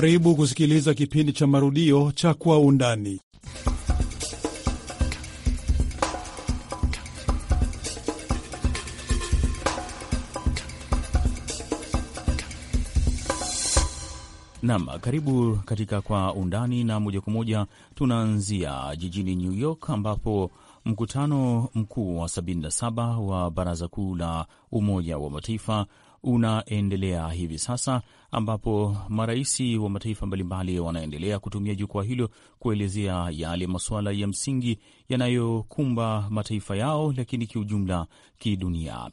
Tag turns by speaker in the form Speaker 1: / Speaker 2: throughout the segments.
Speaker 1: Karibu kusikiliza kipindi cha marudio cha Kwa Undani.
Speaker 2: Nam, karibu katika Kwa Undani, na moja kwa moja tunaanzia jijini New York ambapo mkutano mkuu wa 77 wa Baraza Kuu la Umoja wa Mataifa unaendelea hivi sasa, ambapo marais wa mataifa mbalimbali wanaendelea kutumia jukwaa hilo kuelezea yale masuala ya msingi yanayokumba mataifa yao, lakini kiujumla kidunia.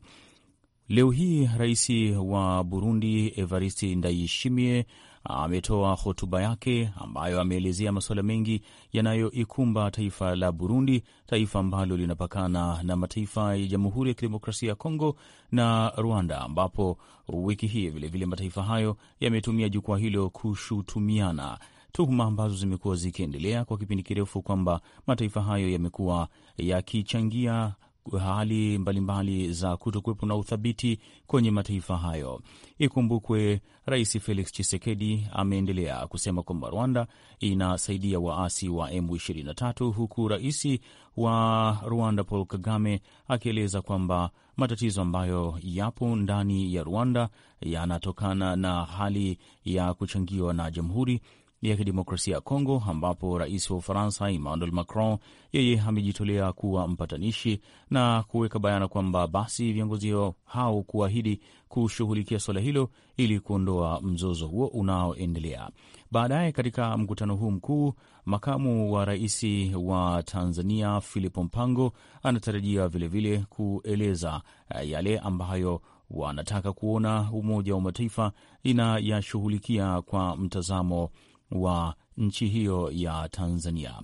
Speaker 2: Leo hii rais wa Burundi Evariste Ndayishimiye ametoa hotuba yake ambayo ameelezea masuala mengi yanayoikumba taifa la Burundi, taifa ambalo linapakana na mataifa ya Jamhuri ya Kidemokrasia ya Kongo na Rwanda, ambapo wiki hii vilevile mataifa hayo yametumia jukwaa hilo kushutumiana tuhuma ambazo zimekuwa zikiendelea kwa kipindi kirefu kwamba mataifa hayo yamekuwa yakichangia hali mbalimbali za kutokuwepo na uthabiti kwenye mataifa hayo. Ikumbukwe Rais Felix Tshisekedi ameendelea kusema kwamba Rwanda inasaidia waasi wa, wa M23 huku rais wa Rwanda Paul Kagame akieleza kwamba matatizo ambayo yapo ndani ya Rwanda yanatokana na hali ya kuchangiwa na jamhuri ya Kidemokrasia ya Kongo, ambapo rais wa Ufaransa Emmanuel Macron yeye amejitolea kuwa mpatanishi na kuweka bayana kwamba basi viongozi hao kuahidi kushughulikia suala hilo ili kuondoa mzozo huo unaoendelea. Baadaye katika mkutano huu mkuu, makamu wa rais wa Tanzania Philipo Mpango anatarajia vilevile kueleza eh, yale ambayo wanataka kuona Umoja wa Mataifa inayashughulikia kwa mtazamo wa nchi hiyo ya Tanzania.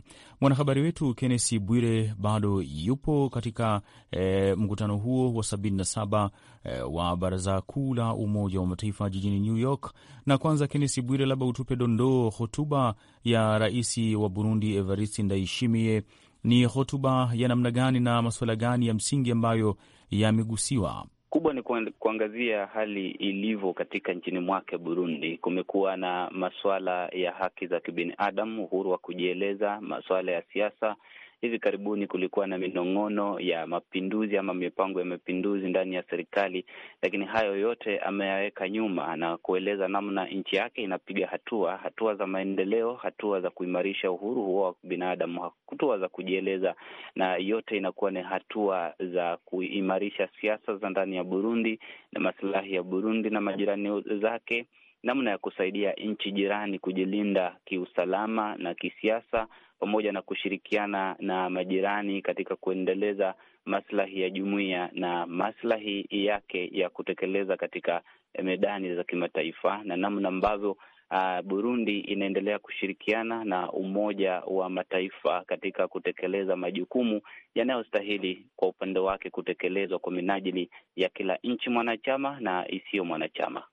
Speaker 2: Mwanahabari wetu Kennesi Bwire bado yupo katika e, mkutano huo wa 77 e, eh, wa Baraza Kuu la Umoja wa Mataifa jijini New York. Na kwanza, Kennesi Bwire, labda utupe dondoo hotuba ya rais wa Burundi Evariste Ndayishimiye. Ni hotuba ya namna gani na masuala gani ya msingi ambayo yamegusiwa?
Speaker 3: kubwa ni kuangazia hali ilivyo katika nchini mwake Burundi. Kumekuwa na masuala ya haki za kibinadamu, uhuru wa kujieleza, masuala ya siasa hivi karibuni kulikuwa na minong'ono ya mapinduzi ama mipango ya mapinduzi ndani ya serikali, lakini hayo yote ameyaweka nyuma na kueleza namna nchi yake inapiga hatua, hatua za maendeleo, hatua za kuimarisha uhuru huo wa binadamu, hatua za kujieleza, na yote inakuwa ni hatua za kuimarisha siasa za ndani ya Burundi na masilahi ya Burundi na majirani zake namna ya kusaidia nchi jirani kujilinda kiusalama na kisiasa pamoja na kushirikiana na majirani katika kuendeleza maslahi ya jumuiya na maslahi yake ya kutekeleza katika medani za kimataifa na namna ambavyo Uh, Burundi inaendelea kushirikiana na Umoja wa Mataifa katika kutekeleza majukumu yanayostahili kwa upande wake kutekelezwa kwa minajili ya kila nchi mwanachama na isiyo mwanachama.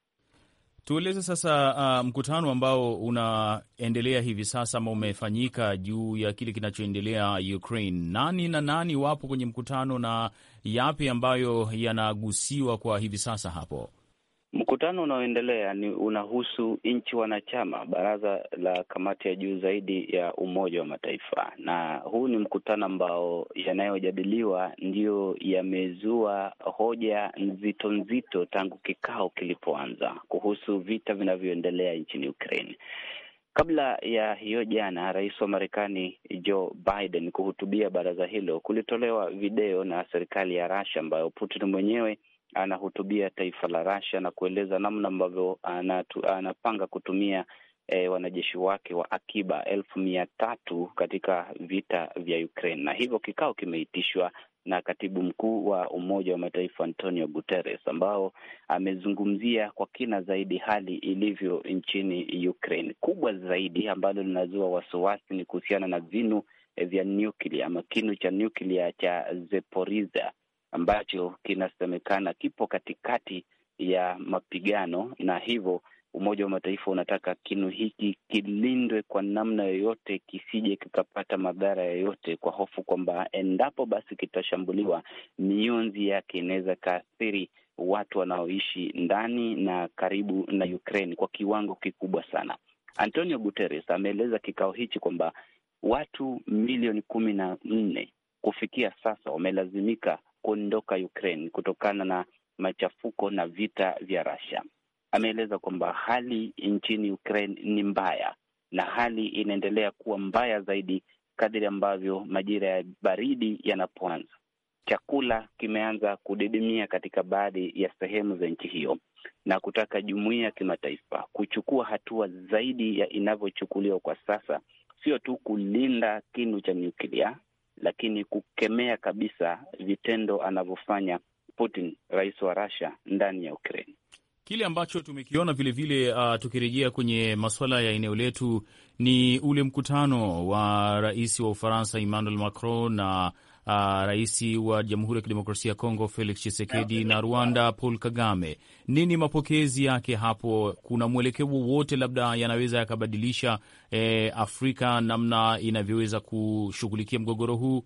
Speaker 2: Tueleze sasa uh, mkutano ambao unaendelea hivi sasa ama umefanyika juu ya kile kinachoendelea Ukraine. Nani na nani wapo kwenye mkutano na yapi ambayo yanagusiwa kwa hivi sasa hapo?
Speaker 3: Mkutano unaoendelea ni unahusu nchi wanachama baraza la kamati ya juu zaidi ya Umoja wa Mataifa, na huu ni mkutano ambao yanayojadiliwa ndiyo yamezua hoja nzito nzito tangu kikao kilipoanza kuhusu vita vinavyoendelea nchini Ukraine. Kabla ya hiyo jana, rais wa Marekani Joe Biden kuhutubia baraza hilo, kulitolewa video na serikali ya Russia ambayo Putin mwenyewe anahutubia taifa la Russia na kueleza namna ambavyo anapanga kutumia E, wanajeshi wake wa akiba elfu mia tatu katika vita vya Ukraine, na hivyo kikao kimeitishwa na katibu mkuu wa Umoja wa Mataifa Antonio Guterres, ambao amezungumzia kwa kina zaidi hali ilivyo nchini Ukraine. Kubwa zaidi ambalo linazua wasiwasi ni kuhusiana na vinu eh, vya nuklia ama kinu cha nuklia cha Zaporizhzhia ambacho kinasemekana kipo katikati ya mapigano, na hivyo Umoja wa Mataifa unataka kinu hiki kilindwe kwa namna yoyote, kisije kikapata madhara yoyote, kwa hofu kwamba endapo basi kitashambuliwa, mionzi yake inaweza kaathiri watu wanaoishi ndani na karibu na Ukraine kwa kiwango kikubwa sana. Antonio Guterres ameeleza kikao hichi kwamba watu milioni kumi na nne kufikia sasa wamelazimika kuondoka Ukraine kutokana na machafuko na vita vya Russia. Ameeleza kwamba hali nchini Ukraine ni mbaya na hali inaendelea kuwa mbaya zaidi kadiri ambavyo majira ya baridi yanapoanza. Chakula kimeanza kudidimia katika baadhi ya sehemu za nchi hiyo na kutaka jumuiya ya kimataifa kuchukua hatua zaidi ya inavyochukuliwa kwa sasa, sio tu kulinda kinu cha nyuklia lakini kukemea kabisa vitendo anavyofanya Putin, rais wa Russia, ndani ya Ukraine.
Speaker 2: Kile ambacho tumekiona vilevile uh, tukirejea kwenye masuala ya eneo letu ni ule mkutano wa rais wa Ufaransa Emmanuel Macron na uh, rais wa Jamhuri ya Kidemokrasia ya Kongo Felix Tshisekedi na Rwanda Paul Kagame. Nini mapokezi yake hapo? Kuna mwelekeo wowote labda yanaweza yakabadilisha eh, Afrika namna inavyoweza kushughulikia mgogoro huu?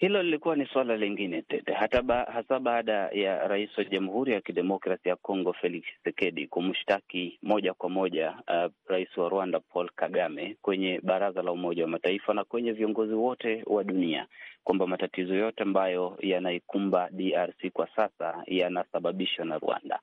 Speaker 3: Hilo lilikuwa ni suala lingine tete, hata ba, hasa baada ya rais wa Jamhuri ya Kidemokrasi ya Kongo Felix chisekedi kumshtaki moja kwa moja uh, rais wa Rwanda Paul Kagame kwenye Baraza la Umoja wa Mataifa na kwenye viongozi wote wa dunia kwamba matatizo yote ambayo yanaikumba DRC kwa sasa yanasababishwa na Rwanda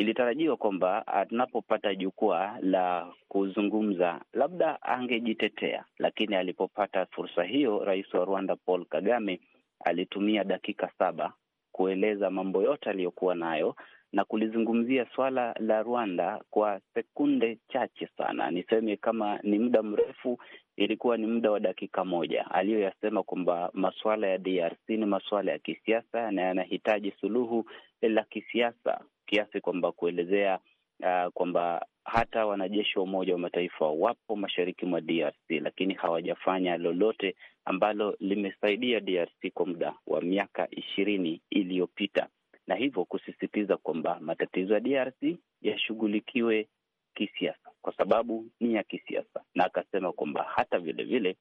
Speaker 3: ilitarajiwa kwamba anapopata ah, jukwaa la kuzungumza labda angejitetea, lakini alipopata fursa hiyo, rais wa Rwanda Paul Kagame alitumia dakika saba kueleza mambo yote aliyokuwa nayo na kulizungumzia swala la Rwanda kwa sekunde chache sana. Niseme kama ni muda mrefu, ilikuwa ni muda wa dakika moja. Aliyoyasema kwamba masuala ya DRC ni masuala ya kisiasa na yanahitaji suluhu la kisiasa kiasi kwamba kuelezea uh, kwamba hata wanajeshi wa Umoja wa Mataifa wapo mashariki mwa DRC lakini hawajafanya lolote ambalo limesaidia DRC kwa muda wa miaka ishirini iliyopita, na hivyo kusisitiza kwamba matatizo ya DRC yashughulikiwe kisiasa kwa sababu ni ya kisiasa, na akasema kwamba hata vilevile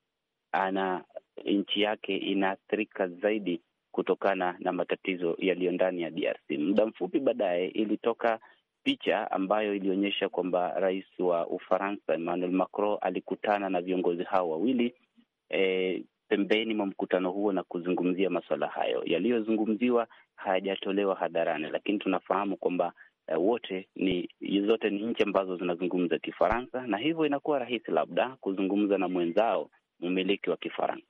Speaker 3: ana nchi yake inaathirika zaidi kutokana na matatizo yaliyo ndani ya DRC. Muda mfupi baadaye ilitoka picha ambayo ilionyesha kwamba rais wa Ufaransa Emmanuel Macron alikutana na viongozi hao wawili e, pembeni mwa mkutano huo na kuzungumzia masuala hayo. Yaliyozungumziwa hayajatolewa hadharani, lakini tunafahamu kwamba e, wote ni zote ni nchi ambazo zinazungumza Kifaransa, na hivyo inakuwa rahisi labda kuzungumza na mwenzao mmiliki wa Kifaransa.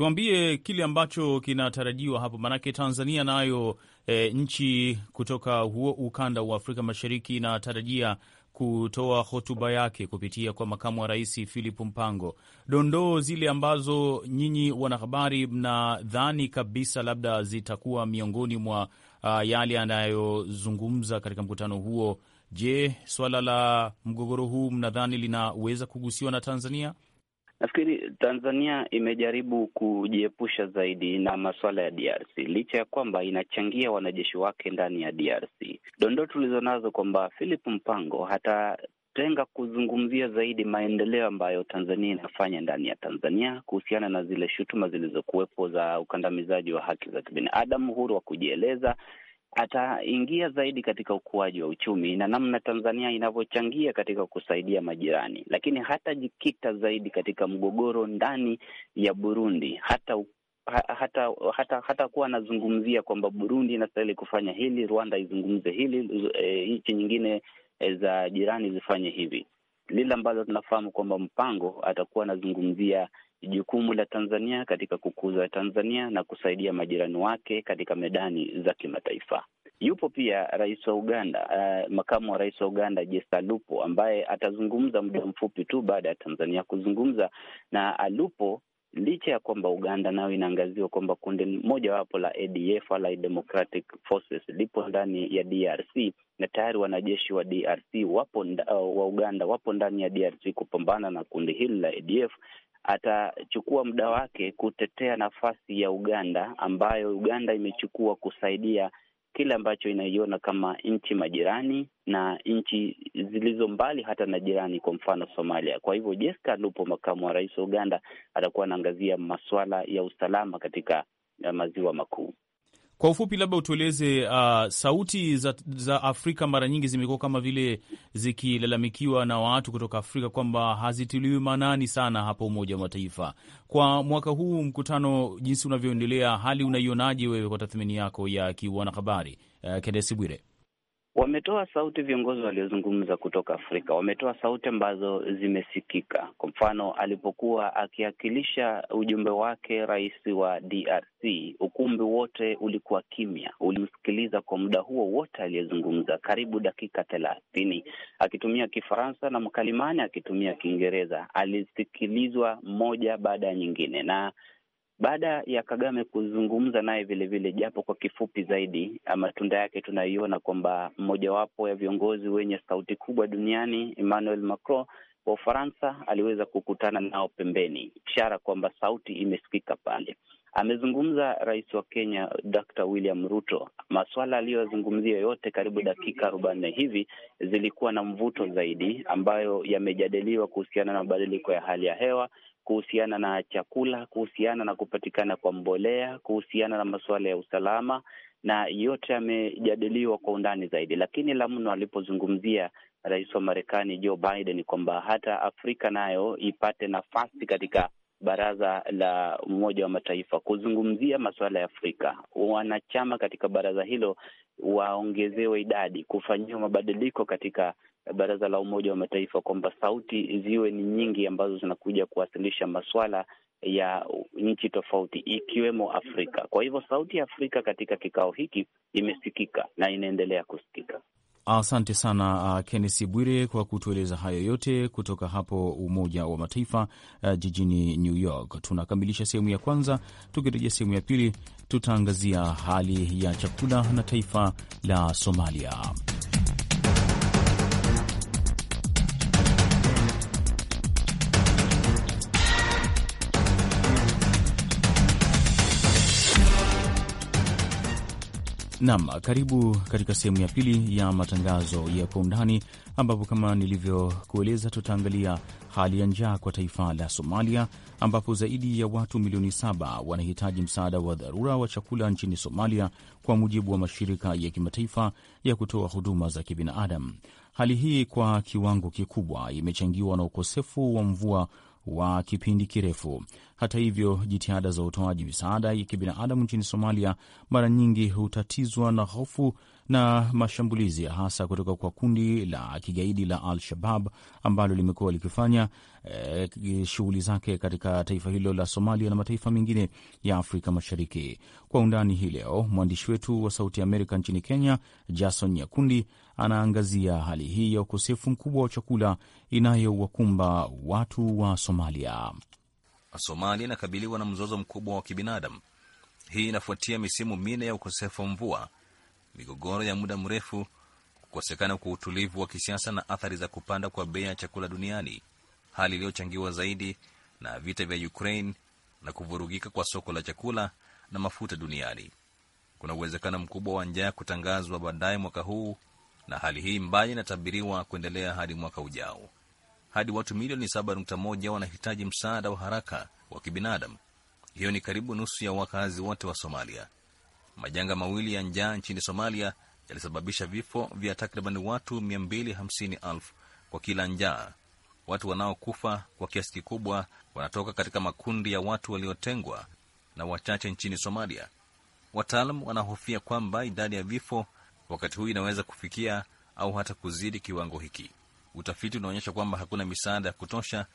Speaker 2: Tuambie kile ambacho kinatarajiwa hapo, maanake Tanzania nayo e, nchi kutoka huo ukanda wa Afrika Mashariki inatarajia kutoa hotuba yake kupitia kwa makamu wa rais Philip Mpango. Dondoo zile ambazo nyinyi wanahabari mnadhani kabisa labda zitakuwa miongoni mwa uh, yale anayozungumza katika mkutano huo. Je, swala la mgogoro huu mnadhani linaweza kugusiwa na Tanzania?
Speaker 3: Nafikiri Tanzania imejaribu kujiepusha zaidi na masuala ya DRC licha ya kwamba inachangia wanajeshi wake ndani ya DRC. Dondoo tulizonazo kwamba Philip Mpango hata tenga kuzungumzia zaidi maendeleo ambayo Tanzania inafanya ndani ya Tanzania kuhusiana na zile shutuma zilizokuwepo za ukandamizaji wa haki za kibinadamu, uhuru wa kujieleza ataingia zaidi katika ukuaji wa uchumi na namna Tanzania inavyochangia katika kusaidia majirani, lakini hatajikita zaidi katika mgogoro ndani ya Burundi hata hata hata hata kuwa anazungumzia kwamba Burundi inastahili kufanya hili, Rwanda izungumze hili, e, nchi e, nyingine e, za jirani zifanye hivi. Lile ambalo tunafahamu kwamba Mpango atakuwa anazungumzia jukumu la Tanzania katika kukuza Tanzania na kusaidia majirani wake katika medani za kimataifa. Yupo pia rais wa Uganda, uh, makamu wa rais wa Uganda Jesta Lupo ambaye atazungumza muda mfupi tu baada ya Tanzania kuzungumza na Alupo licha ya kwamba Uganda nayo inaangaziwa kwamba kundi mojawapo la ADF, Allied Democratic Forces, lipo ndani ya DRC na tayari wanajeshi wa DRC wapo uh, wa Uganda wapo ndani ya DRC kupambana na kundi hili la ADF. Atachukua muda wake kutetea nafasi ya Uganda ambayo Uganda imechukua kusaidia kile ambacho inaiona kama nchi majirani na nchi zilizo mbali hata na jirani, kwa mfano Somalia. Kwa hivyo Jesca Alupo, makamu wa rais wa Uganda, atakuwa anaangazia masuala ya usalama katika eh, maziwa makuu.
Speaker 2: Kwa ufupi, labda utueleze uh, sauti za, za Afrika mara nyingi zimekuwa kama vile zikilalamikiwa na watu kutoka Afrika kwamba hazitiliwi maanani sana hapa Umoja wa Mataifa. Kwa mwaka huu mkutano, jinsi unavyoendelea, hali unaionaje wewe kwa tathmini yako ya kiwanahabari? Uh, Kendesi Bwire.
Speaker 3: Wametoa sauti viongozi waliozungumza kutoka Afrika, wametoa sauti ambazo zimesikika. Kwa mfano, alipokuwa akiakilisha ujumbe wake rais wa DRC, ukumbi wote ulikuwa kimya, ulimsikiliza kwa muda huo wote aliyezungumza, karibu dakika thelathini, akitumia Kifaransa na mkalimani akitumia Kiingereza. Alisikilizwa moja baada ya nyingine na baada ya Kagame kuzungumza naye vilevile, japo kwa kifupi zaidi, ah, matunda yake tunaiona kwamba mmojawapo ya viongozi wenye sauti kubwa duniani Emmanuel Macron wa Ufaransa aliweza kukutana nao pembeni, ishara kwamba sauti imesikika pale. Amezungumza rais wa Kenya Dr. William Ruto. Masuala aliyozungumzia yote karibu dakika arobaini hivi zilikuwa na mvuto zaidi, ambayo yamejadiliwa kuhusiana na mabadiliko ya hali ya hewa, kuhusiana na chakula, kuhusiana na kupatikana kwa mbolea, kuhusiana na masuala ya usalama, na yote yamejadiliwa kwa undani zaidi. Lakini la mno alipozungumzia rais wa Marekani Joe Biden kwamba hata Afrika nayo ipate nafasi katika baraza la Umoja wa Mataifa kuzungumzia masuala ya Afrika, wanachama katika baraza hilo waongezewe idadi, kufanyiwa mabadiliko katika baraza la Umoja wa Mataifa, kwamba sauti ziwe ni nyingi ambazo zinakuja kuwasilisha maswala ya nchi tofauti ikiwemo Afrika. Kwa hivyo sauti ya Afrika katika kikao hiki imesikika na inaendelea kusikika.
Speaker 2: Asante sana uh, Kennesi Bwire kwa kutueleza hayo yote kutoka hapo Umoja wa Mataifa uh, jijini New York. Tunakamilisha sehemu ya kwanza. Tukirejea sehemu ya pili, tutaangazia hali ya chakula na taifa la Somalia. Nam, karibu katika sehemu ya pili ya matangazo ya kwa undani, ambapo kama nilivyokueleza, tutaangalia hali ya njaa kwa taifa la Somalia, ambapo zaidi ya watu milioni saba wanahitaji msaada wa dharura wa chakula nchini Somalia, kwa mujibu wa mashirika ya kimataifa ya kutoa huduma za kibinadamu. Hali hii kwa kiwango kikubwa imechangiwa na ukosefu wa mvua wa kipindi kirefu. Hata hivyo, jitihada za utoaji misaada ya kibinadamu nchini Somalia mara nyingi hutatizwa na hofu na mashambulizi hasa kutoka kwa kundi la kigaidi la Al-Shabab ambalo limekuwa likifanya e, shughuli zake katika taifa hilo la Somalia na mataifa mengine ya Afrika Mashariki. Kwa undani hii leo, mwandishi wetu wa Sauti ya Amerika nchini Kenya, Jason Nyakundi, anaangazia hali hii ya ukosefu mkubwa wa chakula inayowakumba watu wa Somalia.
Speaker 4: Somalia inakabiliwa na mzozo mkubwa wa kibinadamu. Hii inafuatia misimu minne ya ukosefu wa mvua migogoro ya muda mrefu, kukosekana kwa utulivu wa kisiasa na athari za kupanda kwa bei ya chakula duniani, hali iliyochangiwa zaidi na vita vya Ukraine na kuvurugika kwa soko la chakula na mafuta duniani. Kuna uwezekano mkubwa wa njaa kutangazwa baadaye mwaka huu, na hali hii mbaya inatabiriwa kuendelea hadi mwaka ujao. Hadi watu milioni 7.1 wanahitaji msaada wa haraka wa kibinadamu. Hiyo ni karibu nusu ya wakazi wote wa Somalia. Majanga mawili ya njaa nchini Somalia yalisababisha vifo vya takriban watu 250,000 kwa kila njaa. Watu wanaokufa kwa kiasi kikubwa wanatoka katika makundi ya watu waliotengwa na wachache nchini Somalia. Wataalam wanahofia kwamba idadi ya vifo wakati huu inaweza kufikia au hata kuzidi kiwango hiki. Utafiti unaonyesha kwamba hakuna misaada ya kutosha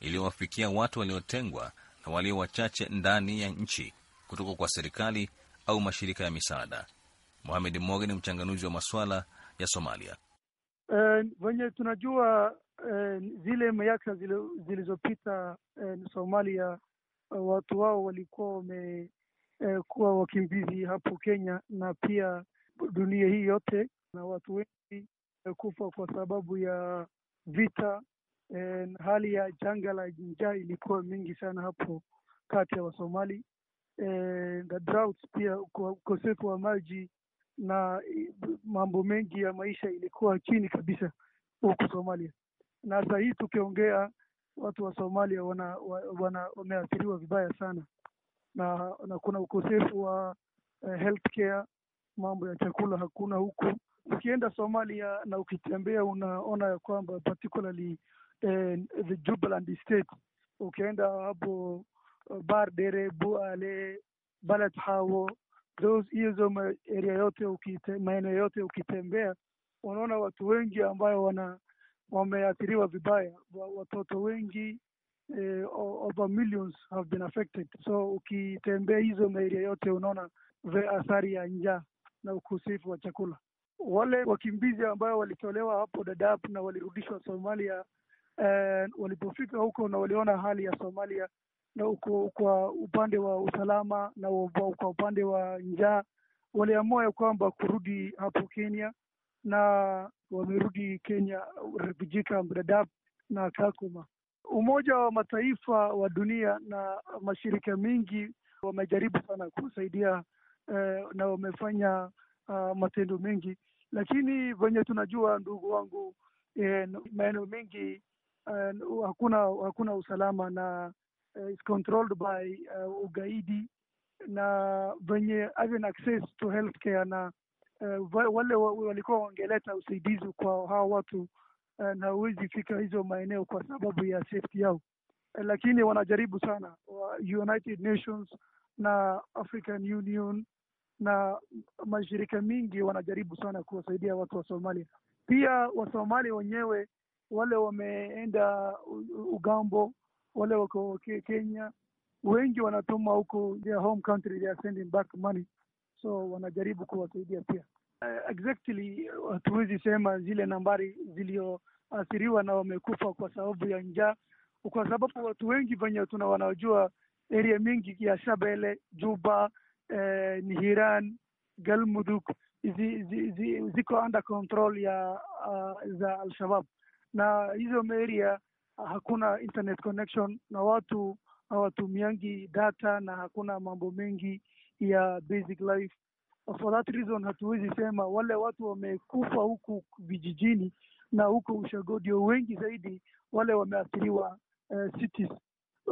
Speaker 4: iliyowafikia watu waliotengwa na walio wachache ndani ya nchi kutoka kwa serikali au mashirika ya misaada. Mohamed Moge ni mchanganuzi wa masuala ya Somalia.
Speaker 1: Uh, eh, venye tunajua uh, zile miaka zilizopita uh, Somalia watu wao walikuwa wamekuwa uh, wakimbizi hapo Kenya na pia dunia hii yote, na watu wengi kufa kwa sababu ya vita. uh, hali ya janga la njaa ilikuwa mingi sana hapo kati ya Wasomali e, na pia ukosefu wa maji na mambo mengi ya maisha ilikuwa chini kabisa huku Somalia, na sasa hii tukiongea, watu wa Somalia wana, wana wameathiriwa vibaya sana na, na kuna ukosefu wa uh, healthcare, mambo ya chakula hakuna huku. Ukienda Somalia na ukitembea, unaona ya kwamba particularly eh, the Jubaland State, ukienda hapo Bardere, Buale, hawo those hizo area yote maeneo yote ukitembea unaona watu wengi ambayo wana wameathiriwa vibaya, watoto wengi eh, over millions have been affected. So ukitembea hizo maeneo yote unaona athari ya njaa na ukosefu wa chakula. Wale wakimbizi ambayo walitolewa hapo Dadaab na walirudishwa Somalia, walipofika huko na waliona hali ya Somalia na uko kwa upande wa usalama na kwa upande wa njaa, waliamua ya kwamba kurudi hapo Kenya na wamerudi Kenya, refugee camp na Kakuma. Umoja wa Mataifa wa dunia na mashirika mengi wamejaribu sana kusaidia eh, na wamefanya uh, matendo mengi, lakini venye tunajua ndugu wangu eh, maeneo mengi eh, hakuna hakuna usalama na uh, is controlled by uh, ugaidi na venye having access to healthcare na uh, wale walikuwa wangeleta usaidizi kwa hawa watu uh, na huwezi fika hizo maeneo kwa sababu ya safety yao, uh, lakini wanajaribu sana uh, United Nations na African Union na mashirika mingi wanajaribu sana kuwasaidia watu wa Somalia. Pia Wasomali wenyewe wale wameenda ugambo wale wako Kenya wengi wanatuma huko their home country, they are sending back money, so wanajaribu kuwasaidia pia. Uh, exactly uh, hatuwezi sema zile nambari ziliyoathiriwa na wamekufa kwa sababu ya njaa, kwa sababu watu wengi venye tuna wanaojua area mingi ya Shabele, Juba, eh, Nihiran, Galmuduk zi, zi, zi, ziko under control ya uh, za Alshabab na hizo area hakuna internet connection na watu hawatumiangi data na hakuna mambo mengi ya basic life. For that reason, hatuwezi sema wale watu wamekufa huku vijijini na huko ushago wengi zaidi wale wameathiriwa uh, cities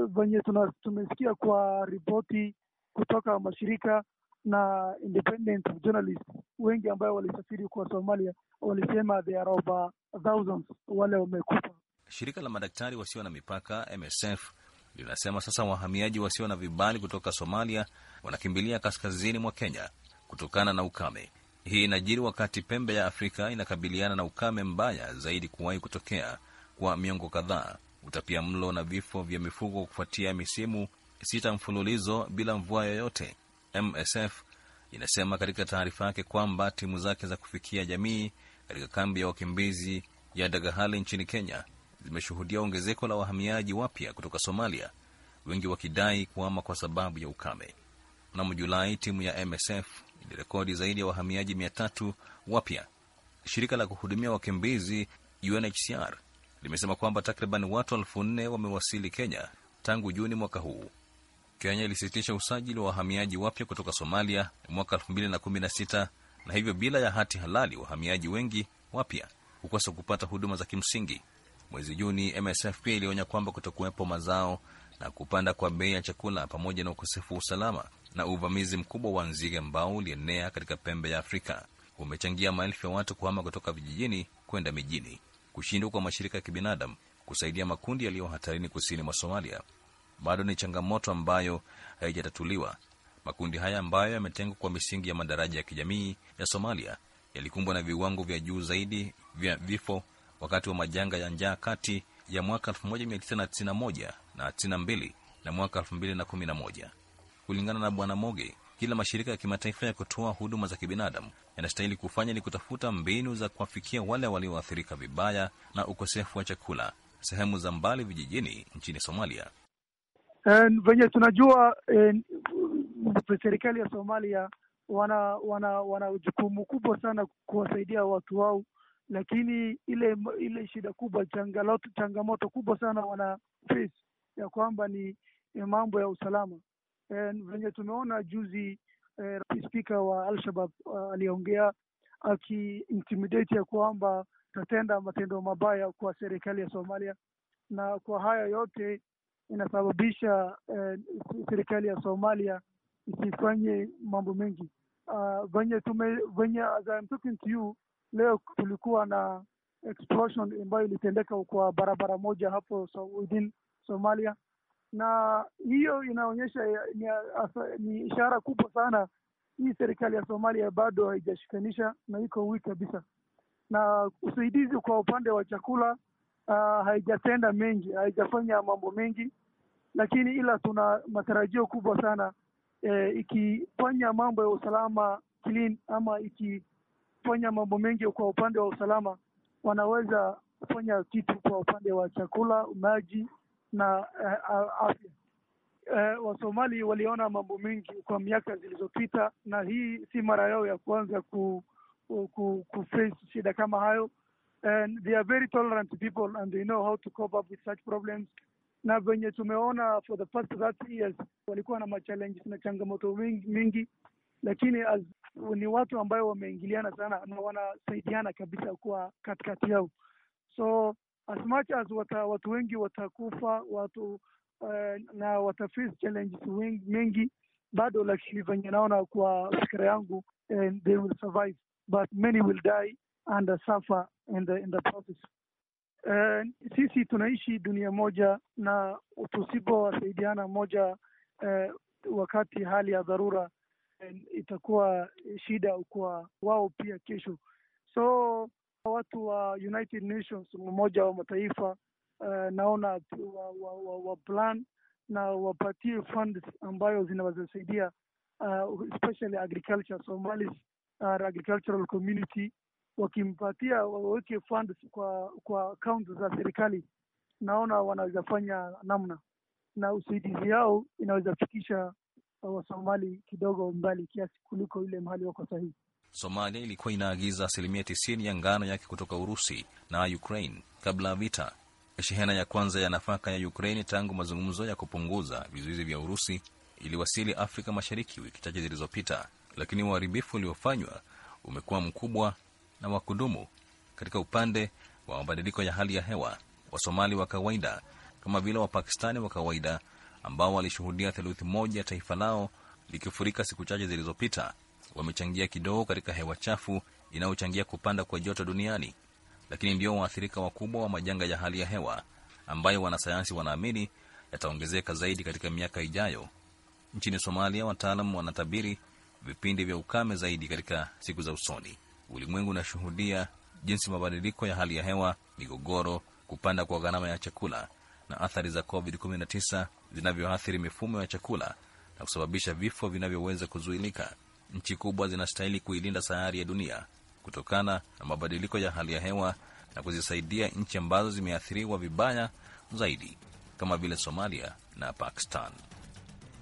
Speaker 1: venye tumesikia kwa ripoti kutoka mashirika na independent journalist wengi ambayo walisafiri kwa Somalia walisema there are over thousands wale wamekufa
Speaker 4: Shirika la madaktari wasio na mipaka MSF linasema sasa wahamiaji wasio na vibali kutoka Somalia wanakimbilia kaskazini mwa Kenya kutokana na ukame. Hii inajiri wakati pembe ya Afrika inakabiliana na ukame mbaya zaidi kuwahi kutokea kwa miongo kadhaa, utapia mlo na vifo vya mifugo kufuatia misimu sita mfululizo bila mvua yoyote. MSF inasema katika taarifa yake kwamba timu zake za kufikia jamii katika kambi ya wakimbizi ya Dagahali nchini Kenya zimeshuhudia ongezeko la wahamiaji wapya kutoka Somalia, wengi wakidai kuama kwa sababu ya ukame. Mnamo Julai, timu ya MSF ilirekodi zaidi ya wahamiaji mia tatu wapya. Shirika la kuhudumia wakimbizi UNHCR limesema kwamba takriban watu elfu nne wamewasili Kenya tangu Juni mwaka huu. Kenya ilisitisha usajili wa wahamiaji wapya kutoka Somalia mwaka 2016 na hivyo, bila ya hati halali, wahamiaji wengi wapya hukosa kupata huduma za kimsingi Mwezi Juni, msf pia ilionya kwamba kutokuwepo mazao na kupanda kwa bei ya chakula pamoja na ukosefu wa usalama na uvamizi mkubwa wa nzige ambao ulienea katika pembe ya Afrika umechangia maelfu ya watu kuhama kutoka vijijini kwenda mijini. Kushindwa kwa mashirika ya kibinadamu kusaidia makundi yaliyo hatarini kusini mwa Somalia bado ni changamoto ambayo haijatatuliwa. Makundi haya ambayo yametengwa kwa misingi ya madaraja ya kijamii ya Somalia yalikumbwa na viwango vya juu zaidi vya vifo wakati wa majanga ya njaa kati ya mwaka 1991 na 92 na mwaka 2011. Kulingana na Bwana Moge, kila mashirika ya kimataifa ya kutoa huduma za kibinadamu yanastahili kufanya ni kutafuta mbinu za kuwafikia wale walioathirika vibaya na ukosefu wa chakula sehemu za mbali vijijini nchini Somalia.
Speaker 1: Venye tunajua eh, serikali ya Somalia wana wana wana jukumu kubwa sana kuwasaidia watu wao lakini ile ile shida kubwa, changamoto changamoto kubwa sana wana face ya kwamba ni mambo ya usalama e, venye tumeona juzi eh, spika wa Alshabab uh, aliongea akiintimidate ya kwamba tatenda matendo mabaya kwa serikali ya Somalia, na kwa haya yote inasababisha eh, serikali ya Somalia isifanye mambo mengi uh, venye tume venye as I'm talking to you Leo kulikuwa na explosion ambayo ilitendeka kwa barabara moja hapo so within Somalia, na hiyo inaonyesha ni, ni ishara kubwa sana hii serikali ya Somalia bado haijashikanisha na iko wiki kabisa, na usaidizi kwa upande wa chakula uh, haijatenda mengi, haijafanya mambo mengi, lakini ila tuna matarajio kubwa sana eh, ikifanya mambo ya usalama clean ama iki kufanya mambo mengi kwa upande wa usalama, wanaweza kufanya kitu kwa upande wa chakula, maji na uh, afya. Uh, Wasomali waliona mambo mengi kwa miaka zilizopita, na hii si mara yao ya kwanza ku, ku, ku, ku face shida kama hayo and eh, they are very tolerant people and they know how to cope up with such problems. Na venye tumeona for the past 30 years walikuwa na machallenges na changamoto mingi, mingi lakini as ni watu ambayo wameingiliana sana na wanasaidiana kabisa kuwa katikati yao, so as much as wata, watu wengi watakufa watu uh, na wataface challenges mengi bado, lakini venye naona kwa fikira yangu and eh, they will survive but many will die and suffer in the, in the process. Uh, sisi tunaishi dunia moja na tusipowasaidiana moja uh, wakati hali ya dharura itakuwa shida kwa wao pia kesho. So watu wa United Nations, Umoja wa Mataifa, uh, naona wa, wa, wa, wa plan na wapatie funds ambayo zinawezasaidia uh, eh, especially agriculture Somalis uh, agricultural community wakimpatia waweke funds kwa kwa akaunti za serikali, naona wanaweza fanya namna na usaidizi yao inaweza fikisha Wasomali kidogo mbali kiasi kuliko ile mahali wako sahihi.
Speaker 4: Somalia ilikuwa inaagiza asilimia tisini ya ngano yake kutoka Urusi na Ukraine kabla ya vita. Shehena ya kwanza ya nafaka ya Ukraine tangu mazungumzo ya kupunguza vizuizi vya Urusi iliwasili Afrika Mashariki wiki chache zilizopita, lakini uharibifu uliofanywa umekuwa mkubwa na wa kudumu. Katika upande wa mabadiliko ya hali ya hewa, Wasomali wa kawaida kama vile Wapakistani wa kawaida ambao walishuhudia theluthi moja ya taifa lao likifurika siku chache zilizopita wamechangia kidogo katika hewa chafu inayochangia kupanda kwa joto duniani, lakini ndio waathirika wakubwa wa majanga ya hali ya hewa ambayo wanasayansi wanaamini yataongezeka zaidi katika miaka ijayo. Nchini Somalia, wataalam wanatabiri vipindi vya ukame zaidi katika siku za usoni. Ulimwengu unashuhudia jinsi mabadiliko ya hali ya hewa, migogoro, kupanda kwa gharama ya chakula na athari za COVID-19 zinavyoathiri mifumo ya chakula na kusababisha vifo vinavyoweza kuzuilika. Nchi kubwa zinastahili kuilinda sayari ya dunia kutokana na mabadiliko ya hali ya hewa na kuzisaidia nchi ambazo zimeathiriwa vibaya zaidi kama vile Somalia na Pakistan.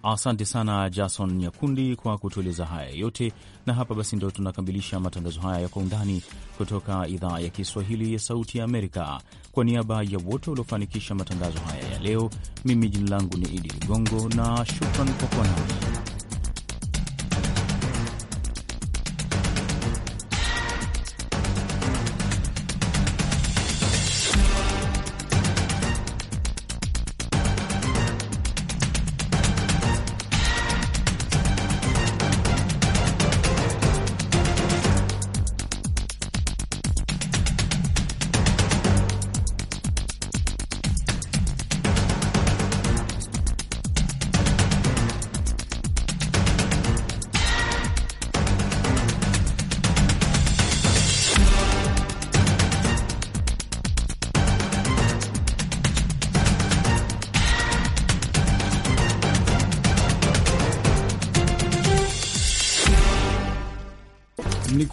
Speaker 2: Asante sana Jason Nyakundi kwa kutueleza haya yote, na hapa basi ndo tunakamilisha matangazo haya ya Kwa Undani kutoka idhaa ya Kiswahili ya Sauti ya Amerika. Kwa niaba ya wote waliofanikisha matangazo haya leo. Mimi jina langu ni Idi Ligongo na shukran kwa kuwa nami.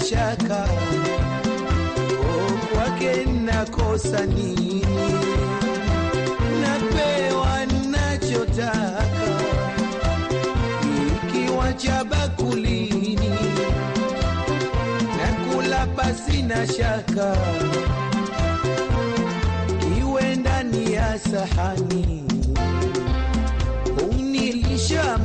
Speaker 5: sina shaka kwake nakosa nini? Napewa nachotaka ikiwa cha bakulini, nakula na shaka kiwe ndani ya sahani unilisha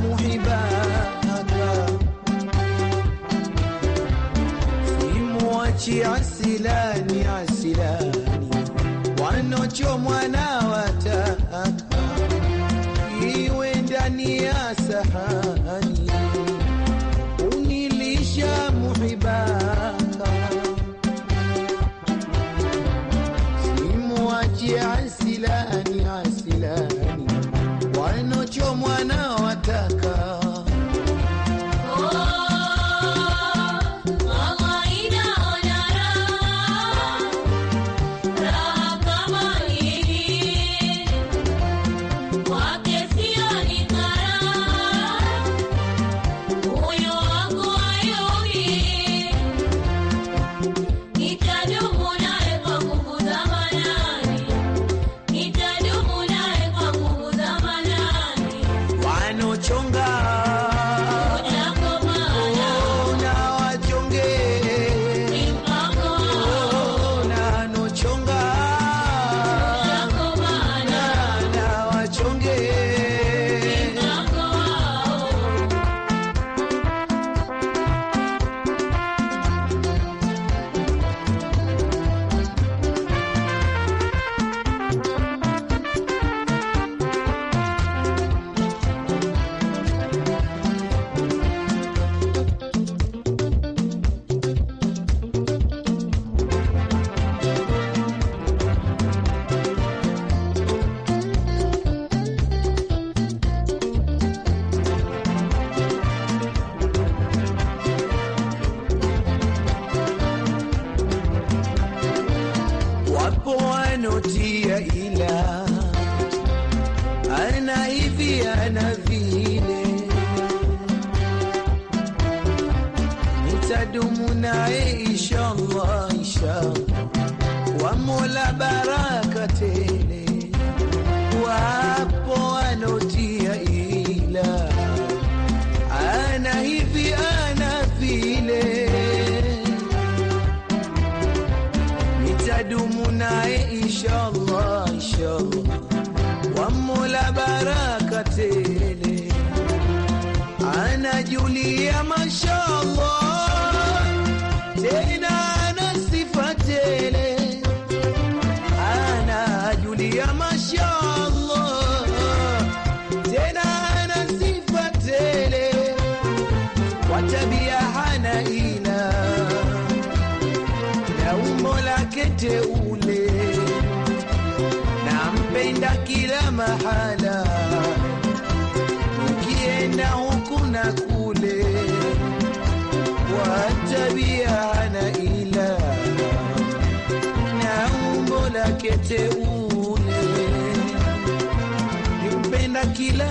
Speaker 5: Ya silani. asilani asilani, wanocho mwana wataka iwe ndani ya sahani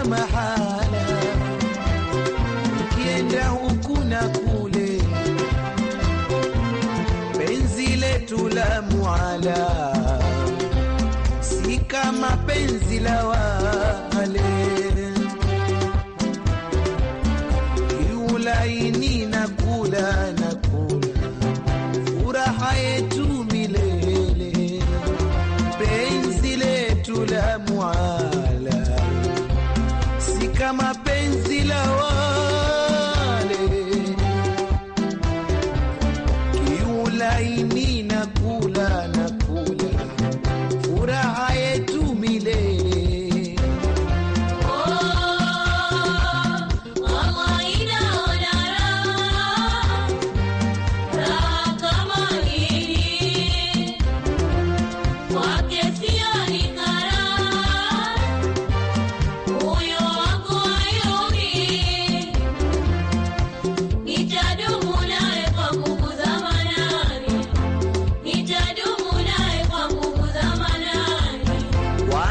Speaker 5: mahala, ukienda huku na kule, penzi letu la muala si kama penzi la wale kiulaini